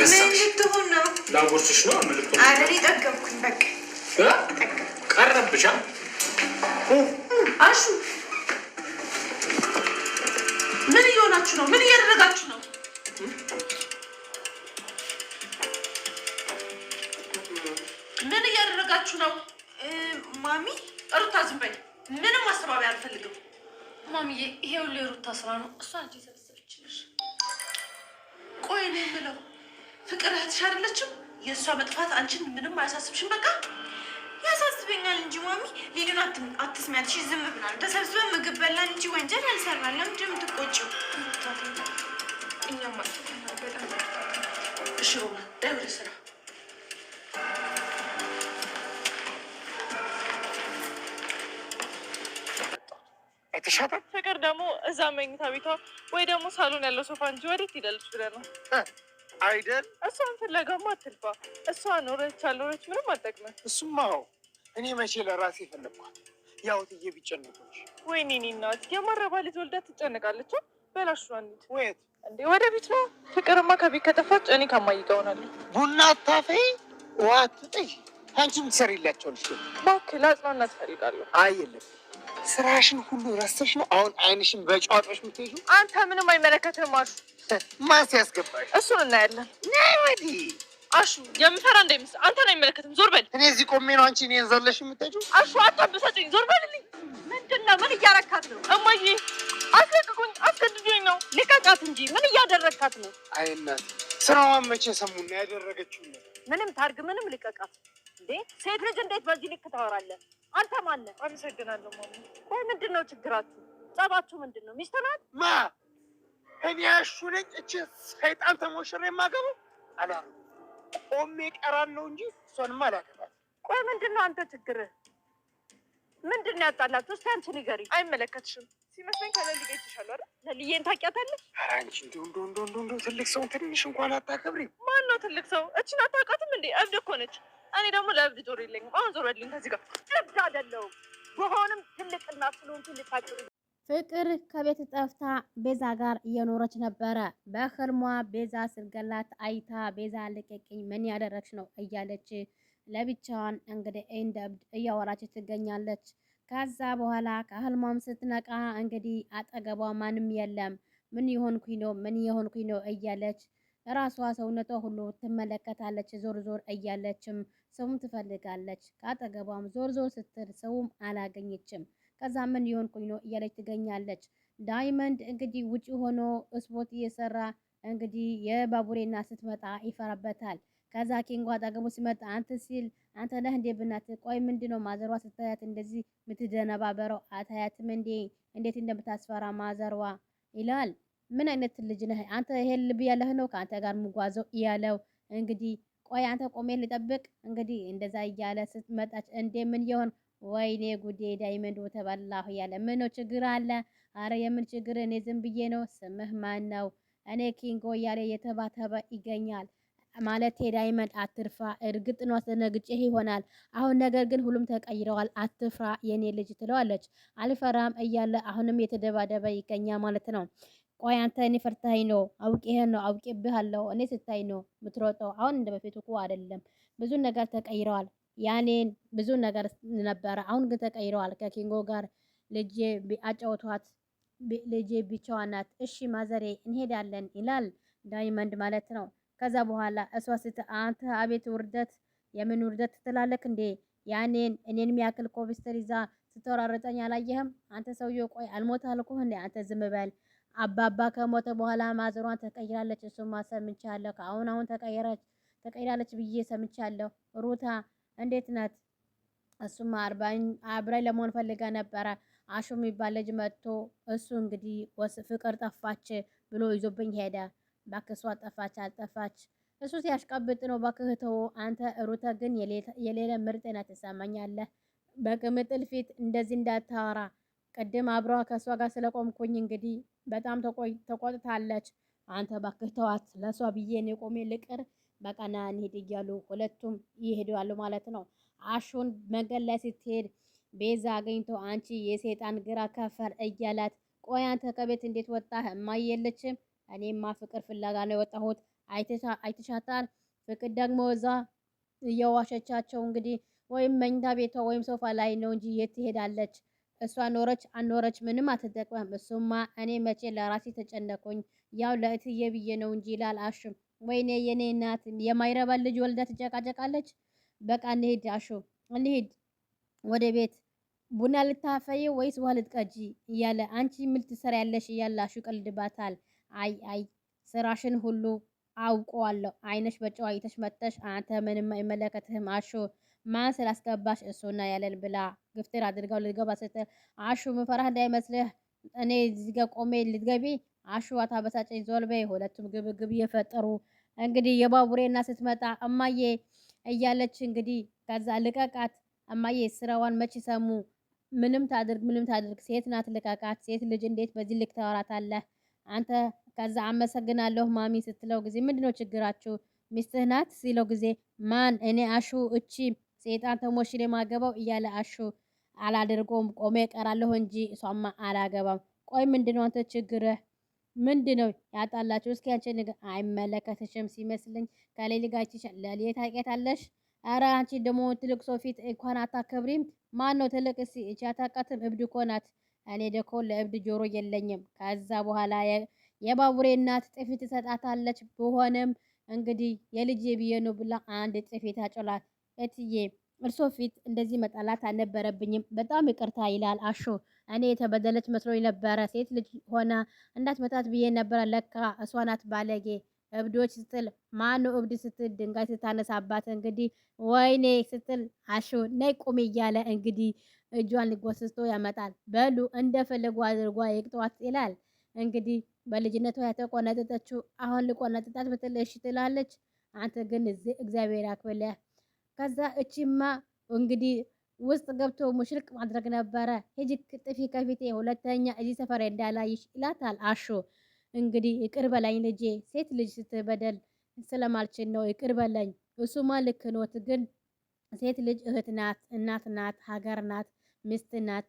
ምን ልትሆን ነው? ላጎርስሽ ነው። አረኔ ጠገብኩኝ። በቃ ቀረብሻ አሹ። ምን እየሆናችሁ ነው? ምን እያደረጋችሁ ነው? ምን እያደረጋችሁ ነው? ማሚ ሩታ ዝም በይ። ምንም ማስተባበያ አልፈልግም። ማሚዬ ይሄ ሁሉ የሩታ ስራ ነው። እሷ አንቺ ሰብሰብ ይችላል። ቆይ ነው የምለው ፍቅር እህትሽ አይደለችም? የእሷ መጥፋት አንቺን ምንም አያሳስብሽም? በቃ ያሳስበኛል እንጂ ማሚ፣ ሊዱን አትስሚያትሽ። ዝም ብናል ተሰብስበን ምግብ በላን እንጂ ወንጀል ያልሰራል። ለምንድን ነው የምትቆጪው? እኛም እሺ፣ ደብር ስራ ፍቅር ደግሞ እዛ መኝታ ቤቷ ወይ ደግሞ ሳሎን ያለው ሶፋ እንጂ ወዴት ይደልች ብለህ ነው አይደል? እሷን ፍለጋማ አትልፋ። እሷ ኖረች አልኖረች ምንም አልጠቅመን። እሱማ እኔ መቼ ለራሴ ፈለግኳት። ያው ትዬ ቢጨነቆች። ወይኔ እኔ እናት የማረባ ልጅ ወልዳ ትጨነቃለች። በላሽኗን ወየት እንዴ? ወደ ቤት ነው። ፍቅርማ ከቤት ከጠፋች እኔ ከማይ ሆናለሁ። ቡና አታፈይ፣ ውሃ አትጥይ። አንቺ ምትሰሪላቸው ልጅ እባክህ፣ ላጽናና ትፈልጋለሁ። አይ የለም ስራሽን ሁሉ ረስተሽ ነው አሁን አይንሽን በጨዋታሽ የምትይዙ? አንተ ምንም አይመለከትም። አሹ ማን ሲያስገባሽ? እሱን እናያለን። ነይ ወዲህ አሹ። የምፈራ አንተ ነው አይመለከትም። ዞር በል። እኔ እዚህ ቆሜ ነው አንቺ እኔን ዘለሽ የምትሄጂው? አሹ አታብሰጭኝ። ዞር በልልኝ። ምንድን ነው? ምን እያረካት ነው? እማዬ አስለቅቁኝ። አስገድዶኝ ነው። ልቀቃት እንጂ ምን እያደረግካት ነው? አይ እናት ስራዋን መቼ ሰሙና ያደረገችው ምንም ታርግ ምንም ልቀቃት። እንዴ ሴት ልጅ እንዴት በዚህ ልክ ታወራለህ? አንተ ማነህ? አመሰግናለሁ ማማ። ቆይ ምንድን ነው ችግራችሁ? ጸባችሁ ምንድን ነው? ሚስት ናት ማ እኔ ያሹ ነኝ። እቺ ሰይጣን ተሞሽሬ የማገቡ አላ ቆሜ ነው እንጂ እሷንማ አላገባም። ቆይ ምንድን ነው አንተ ችግርህ ምንድን ነው ያጣላችሁ? እስኪ አንቺ ንገሪኝ። አይመለከትሽም ሲመስለኝ ከለልዬ ይችሻሉ አይደል? ለልዬን ታውቂያታለሽ? ኧረ አንቺ እንደው እንደው እንደው እንደው ትልቅ ሰው ትንሽ እንኳን አታከብሪም። ማን ነው ትልቅ ሰው? እችን አታውቃትም እንዴ? እብድ እኮ ነች። እኔ ደግሞ ለእብድ ጆሮ የለኝም። አሁን ዞረልኝ ከዚህ ጋር እብድ አይደለሁም። በሆንም ትልቅና ስለሆን ትልቅ ፍቅር ከቤት ጠፍታ ቤዛ ጋር እየኖረች ነበረ። በህልሟ ቤዛ ስርገላት አይታ ቤዛ ልቅቅኝ፣ ምን ያደረግሽ ነው እያለች ለብቻዋን እንግዲህ እንደ እብድ እያወራች ትገኛለች። ከዛ በኋላ ከህልሟም ስትነቃ እንግዲህ አጠገቧ ማንም የለም። ምን የሆንኩኝ ነው? ምን የሆንኩኝ ነው እያለች ራሷ ሰውነቷ ሁሉ ትመለከታለች ዞር ዞር እያለችም ሰውም ትፈልጋለች። ከአጠገቧም ዞር ዞር ስትል ሰውም አላገኘችም። ከዛ ምን የሆንኩኝ ነው እያለች ትገኛለች። ዳይመንድ እንግዲህ ውጪ ሆኖ ስፖርት እየሰራ እንግዲህ የባቡሬና ስትመጣ ይፈራበታል። ከዛ ኪንጎ አጠገቡ ሲመጣ አንተ ሲል አንተ ነህ እንዴ ብናት ቆይ ምንድን ነው ማዘሯ ስታያት እንደዚህ ምትደነባበረው አታያትም እንዴ እንዴት እንደምታስፈራ ማዘሯ ይላል። ምን አይነት ልጅ ነህ አንተ? ይሄን ልብ ያለህ ነው ከአንተ ጋር ምጓዘው እያለው እንግዲህ ቆይ አንተ ቆሜ ልጠብቅ። እንግዲህ እንደዛ እያለ ስትመጣች እንዴ ምን የሆን ወይኔ ጉዴ ዳይመንድ ተበላሁ እያለ ምን ነው ችግር አለ? አረ የምን ችግር እኔ ዝም ብዬ ነው። ስምህ ማን ነው? እኔ ኪንጎ እያለ የተባተበ ይገኛል ማለት ዳይመንድ አትርፋ። እርግጥ ነው አስደነግጬህ ይሆናል አሁን ነገር ግን ሁሉም ተቀይረዋል። አትፍራ የኔ ልጅ ትለዋለች። አልፈራም እያለ አሁንም የተደባደበ ይገኛል ማለት ነው። ቆይ አንተ እኔ ፈርተኸኝ ነው አውቄህ ነው አውቄብሃለሁ እኔ ስታይ ነው ምትሮጠው። አሁን እንደ በፊቱ እኮ አይደለም። ብዙ ነገር ተቀይረዋል። ያኔ ብዙ ነገር ነበረ፣ አሁን ግን ተቀይረዋል። ከኪንጎ ጋር ልጄ አጫውቷት፣ ልጄ ብቻዋ ናት። እሺ ማዘሬ እንሄዳለን ይላል ዳይመንድ ማለት ነው። ከዛ በኋላ እሷ ስት አንተ አቤት ውርደት፣ የምን ውርደት ትላለክ እንዴ? ያኔን እኔን የሚያክል ኮብስተር ይዛ ስትወራረጠኝ አላየህም? አንተ ሰውዬ ቆይ አልሞት አልኩህ እንዴ? አንተ ዝም በል አባባ ከሞተ በኋላ ማዘሯን ተቀይራለች። እሱማ ሰምቻለሁ። ከአሁን አሁን ተቀይራለች ተቀይራለች ብዬ ሰምቻለሁ። ሩታ እንዴት ናት? እሱማ አብራኝ ለመሆን ፈልጋ ነበረ። አሹ የሚባል ልጅ መጥቶ እሱ እንግዲህ ፍቅር ጠፋች ብሎ ይዞብኝ ሄደ። ባክሷ ጠፋች አልጠፋች እሱ ሲያሽቀብጥ ነው። ባክህተው። አንተ ሩታ ግን የሌለ ምርጥ ናት። ትሰማኛለህ? በቅምጥል ፊት እንደዚህ እንዳታወራ ቅድም አብሯ ከእሷ ጋር ስለቆምኩኝ እንግዲህ በጣም ተቆጥታለች። አንተ እባክህ ተዋት፣ ለእሷ ብዬ እኔ ቆሜ ልቅር፣ በቃ ና እንሂድ እያሉ ሁለቱም ይሄዳሉ ማለት ነው። አሹን መንገድ ላይ ስትሄድ ቤዛ አገኝቶ አንቺ የሴጣን ግራ ከፈር እያላት፣ ቆይ አንተ ከቤት እንዴት ወጣህ? እማዬ የለችም። እኔማ ፍቅር ፍላጋ ነው የወጣሁት። አይተሻታል። ፍቅር ደግሞ እዛ እየዋሸቻቸው እንግዲህ ወይም መኝታ ቤቷ ወይም ሶፋ ላይ ነው እንጂ የት ትሄዳለች? እሷ ኖረች አልኖረች ምንም አትጠቅመም። እሱማ እኔ መቼ ለራሴ ተጨነቁኝ፣ ያው ለእትዬ ብዬ ነው እንጂ ይላል አሹ። ወይኔ የኔ እናት የማይረባ ልጅ ወልዳ ትጨቃጨቃለች። በቃ እንሂድ አሹ እንሂድ ወደ ቤት። ቡና ልታፈይ ወይስ ውሃ ልትቀጂ እያለ አንቺ ምን ትሰሪያለሽ እያለ አሹ ቀልድባታል። አይ አይ ስራሽን ሁሉ አውቀዋለሁ። አይነሽ በጨዋ አይተሽ መጥተሽ አንተ ምንም አይመለከትህም አሹ ማን ስላስገባሽ እሱና ያለን ብላ ግፍትር አድርገው ልገባ ስትል አሹ ምፈራህ እንዳይመስልህ እኔ እዚህ ጋር ቆሜ ልትገቢ አሹ አታበሳጨኝ፣ ዞል በይ። ሁለቱም ግብግብ እየፈጠሩ እንግዲህ የባቡሬና ስትመጣ እማዬ እያለች እንግዲህ ከዛ ልቀቃት እማዬ ስራዋን መች ሰሙ። ምንም ታድርግ ምንም ታድርግ ሴት ናት፣ ልቀቃት። ሴት ልጅ እንዴት በዚህ ልክ ታወራታለህ አንተ? ከዛ አመሰግናለሁ ማሚ ስትለው ጊዜ ምንድነው ችግራችሁ ሚስትህ ናት ሲለው ጊዜ ማን እኔ አሹ እቺ ሴጣን ተሞሽኔ ማገባው እያለ አሹ አላደርገውም ቆሜ እቀራለሁ እንጂ እሷማ አላገባም። ቆይ ምንድነው አንተ ችግርህ ምንድነው? ያጣላችሁ እስኪ አንቺ ንገ አይመለከትሽም ሲመስልኝ ከሌሊ ጋር ይችላል ለሌሊ ታውቂያታለሽ። ኧረ አንቺ ደግሞ ትልቅ ሰው ፊት እንኳን አታከብሪም። ማን ነው ትልቅ? እስኪ እቺ አታውቃትም፣ እብድ እኮ ናት። እኔ ደኮ ለእብድ ጆሮ የለኝም። ከዛ በኋላ የባቡሬ እናት ጥፊት ትሰጣታለች። ብሆንም እንግዲህ የልጅ ብዬ ነው ብላ አንድ ጥፊት ታጮላት። እትዬ እርሶ ፊት እንደዚህ መጣላት አልነበረብኝም። በጣም ይቅርታ ይላል አሹ። እኔ የተበደለች መስሎኝ ነበረ። ሴት ልጅ ሆና እንዳትመታት ብዬ ነበረ። ለካ እሷ ናት ባለጌ። እብዶች ስትል ማኑ እብድ ስትል ድንጋይ ስታነሳባት እንግዲህ ወይኔ ስትል አሹ ነይ ቁሚ እያለ እንግዲህ እጇን ሊጎስስቶ ያመጣል። በሉ እንደፈለጉ አድርጓ ይቅጧት ይላል። እንግዲህ በልጅነቷ የተቆነጠጠችው አሁን ልቆነጠጣት ብትል እሺ ትላለች። አንተ ግን እግዚአብሔር ያክብልህ ከዛ እቺማ እንግዲህ ውስጥ ገብቶ ሙሽርቅ ማድረግ ነበረ። ሂጂ ጥፊ ከፊቴ፣ ሁለተኛ እዚህ ሰፈር እንዳላይሽ ይላታል አሹ። እንግዲህ ይቅር በላኝ ልጄ፣ ሴት ልጅ ስትበደል ስለማልችል ነው ይቅር በላኝ። እሱማ ልክ ኖት፣ ግን ሴት ልጅ እህት ናት፣ እናት ናት፣ ሀገር ናት፣ ሚስት ናት።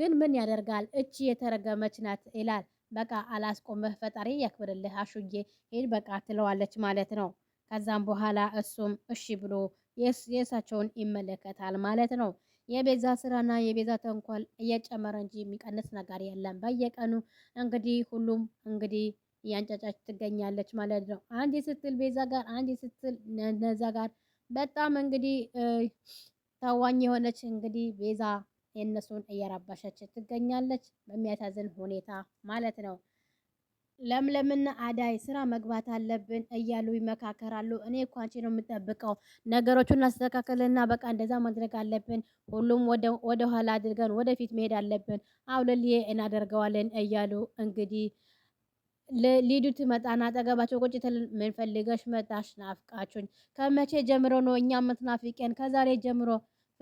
ግን ምን ያደርጋል እቺ የተረገመች ናት ይላል። በቃ አላስቆምህ፣ ፈጣሪ ያክብርልህ አሹዬ፣ ሂድ በቃ ትለዋለች ማለት ነው። ከዛም በኋላ እሱም እሺ ብሎ የእሳቸውን ይመለከታል ማለት ነው። የቤዛ ስራና የቤዛ ተንኮል እየጨመረ እንጂ የሚቀንስ ነገር የለም። በየቀኑ እንግዲህ ሁሉም እንግዲህ እያንጫጫች ትገኛለች ማለት ነው። አንድ ስትል ቤዛ ጋር፣ አንድ ስትል ነዛ ጋር በጣም እንግዲህ ታዋኝ የሆነች እንግዲህ ቤዛ የእነሱን እየረባሸች ትገኛለች በሚያሳዝን ሁኔታ ማለት ነው። ለምለምና አዳይ ስራ መግባት አለብን እያሉ ይመካከራሉ። እኔ እኮ አንቺ ነው የምጠብቀው፣ ነገሮቹን አስተካከልና በቃ እንደዛ ማድረግ አለብን። ሁሉም ወደ ኋላ አድርገን ወደፊት መሄድ አለብን። አውለልዬ እናደርገዋለን እያሉ እንግዲህ ሊዱ ትመጣና አጠገባቸው ቁጭ ትል። ምን ፈልገሽ መጣሽ? ናፍቃችሁኝ። ከመቼ ጀምሮ ነው እኛ የምትናፍቀን? ከዛሬ ጀምሮ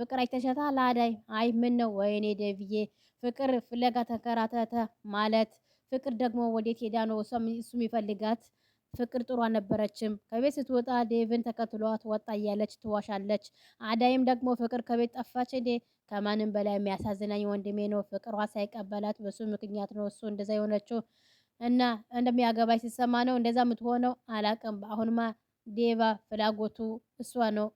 ፍቅር አይተሸታ ለአዳይ አይ ምን ነው ወይኔ ደብዬ ፍቅር ፍለጋ ተከራተተ ማለት ፍቅር ደግሞ ወዴት ሄዳ ነው እሱ የሚፈልጋት ፍቅር ጥሩ አልነበረችም። ከቤት ስትወጣ ዴቭን ተከትሏት ወጣ እያለች ትዋሻለች። አዳይም ደግሞ ፍቅር ከቤት ጠፋች እንዴ! ከማንም በላይ የሚያሳዝናኝ ወንድሜ ነው። ፍቅሯ ሳይቀበላት በሱ ምክንያት ነው እሱ እንደዛ የሆነችው እና እንደሚያገባች ሲሰማ ነው እንደዛ የምትሆነው። አላቅም አሁንማ ዴቫ ፍላጎቱ እሷ ነው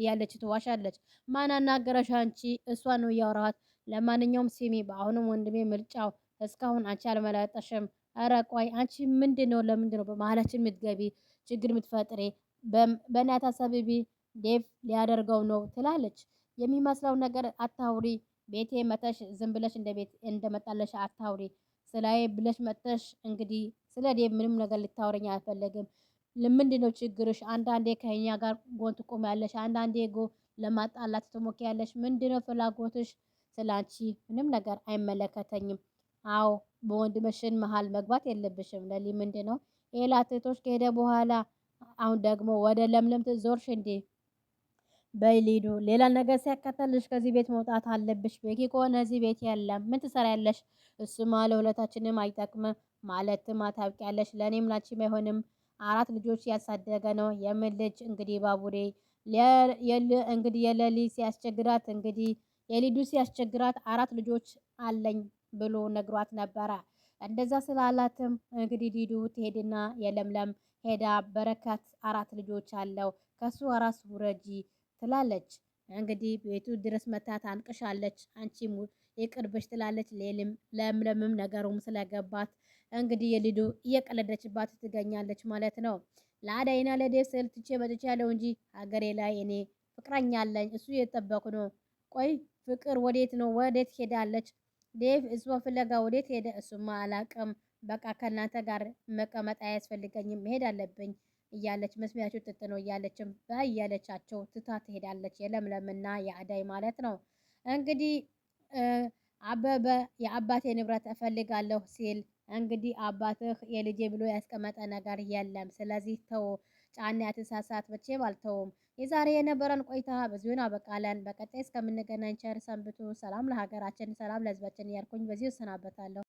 እያለች ትዋሻለች። ማን አናገረሽ አንቺ? እሷ ነው እያወራኋት። ለማንኛውም ሲሚ በአሁኑም ወንድሜ ምርጫው እስካሁን አንቺ አልመላጠሽም። ኧረ ቆይ አንቺ ምንድን ነው ለምንድን ነው በመሀላችን የምትገቢ ችግር የምትፈጥሪ? በእናታ ሰብቢ ዴቭ ሊያደርገው ነው ትላለች። የሚመስለው ነገር አታውሪ። ቤቴ መተሽ ዝም ብለሽ እንደ ቤት እንደመጣለሽ አታውሪ። ስላዬ ብለሽ መተሽ እንግዲህ ስለ ዴቭ ምንም ነገር ልታወረኝ አልፈለግም። ምንድን ነው ችግርሽ? አንዳንዴ ከኛ ጋር ጎን ትቆሚያለሽ፣ አንዳንዴ ጎ ለማጣላት ትሞክሪያለሽ። ምንድን ነው ፍላጎትሽ? ስላንቺ ምንም ነገር አይመለከተኝም። አዎ በወንድምሽን መሃል መግባት የለብሽም ለሊ ምንድን ነው ሌላ እህቶች ከሄደ በኋላ አሁን ደግሞ ወደ ለምለም ትዞርሽ እንዴ? በይ ሌላ ነገር ሲያከተልሽ ከዚህ ቤት መውጣት አለብሽ። ቤኪ ከሆነ እዚህ ቤት የለም። ምን ትሰራ ያለሽ? እሱማ ለሁለታችንም አይጠቅምም። ማለትም አታውቂያለሽ፣ ለእኔም ላንቺም አይሆንም። አራት ልጆች ያሳደገ ነው። የምን ልጅ እንግዲህ ባቡሬ እንግዲህ የለሊ ሲያስቸግራት እንግዲህ የሊዱ ሲያስቸግራት አራት ልጆች አለኝ ብሎ ነግሯት ነበረ። እንደዛ ስላላትም እንግዲህ ዲዱ ትሄድና የለምለም ሄዳ በረከት አራት ልጆች አለው ከሱ አራስ ውረጂ ትላለች። እንግዲህ ቤቱ ድረስ መታት አንቅሻለች፣ አንቺም የቅርብሽ ትላለች። ሌልም ለምለምም ነገሩም ስለገባት እንግዲህ የሊዱ እየቀለደችባት ትገኛለች ማለት ነው። ለአዳይና ለዴብ ስል ትቼ መጥቻለሁ እንጂ ሀገሬ ላይ እኔ ፍቅረኛ አለኝ፣ እሱ የጠበቁ ነው። ቆይ ፍቅር ወዴት ነው? ወዴት ሄዳለች? ዴቭ እሱን ፍለጋ ወዴት ሄደ? እሱማ አላቅም። በቃ ከእናንተ ጋር መቀመጥ አያስፈልገኝም መሄድ አለብኝ እያለች መስሚያቸው ጥጥ ነው እያለችም በእያለቻቸው ትታ ትሄዳለች። የለምለምና የአዳይ ማለት ነው እንግዲህ አበበ የአባቴ ንብረት እፈልጋለሁ ሲል እንግዲህ አባትህ የልጄ ብሎ ያስቀመጠ ነገር የለም፣ ስለዚህ ተው ጫና ያትንሳሳት መቼም አልተውም። የዛሬ የነበረን ቆይታ በዚሁን አበቃለን። በቀጣይ እስከምንገናኝ ቸር ሰንብቱ። ሰላም ለሀገራችን፣ ሰላም ለህዝባችን እያልኩኝ በዚሁ እሰናበታለሁ።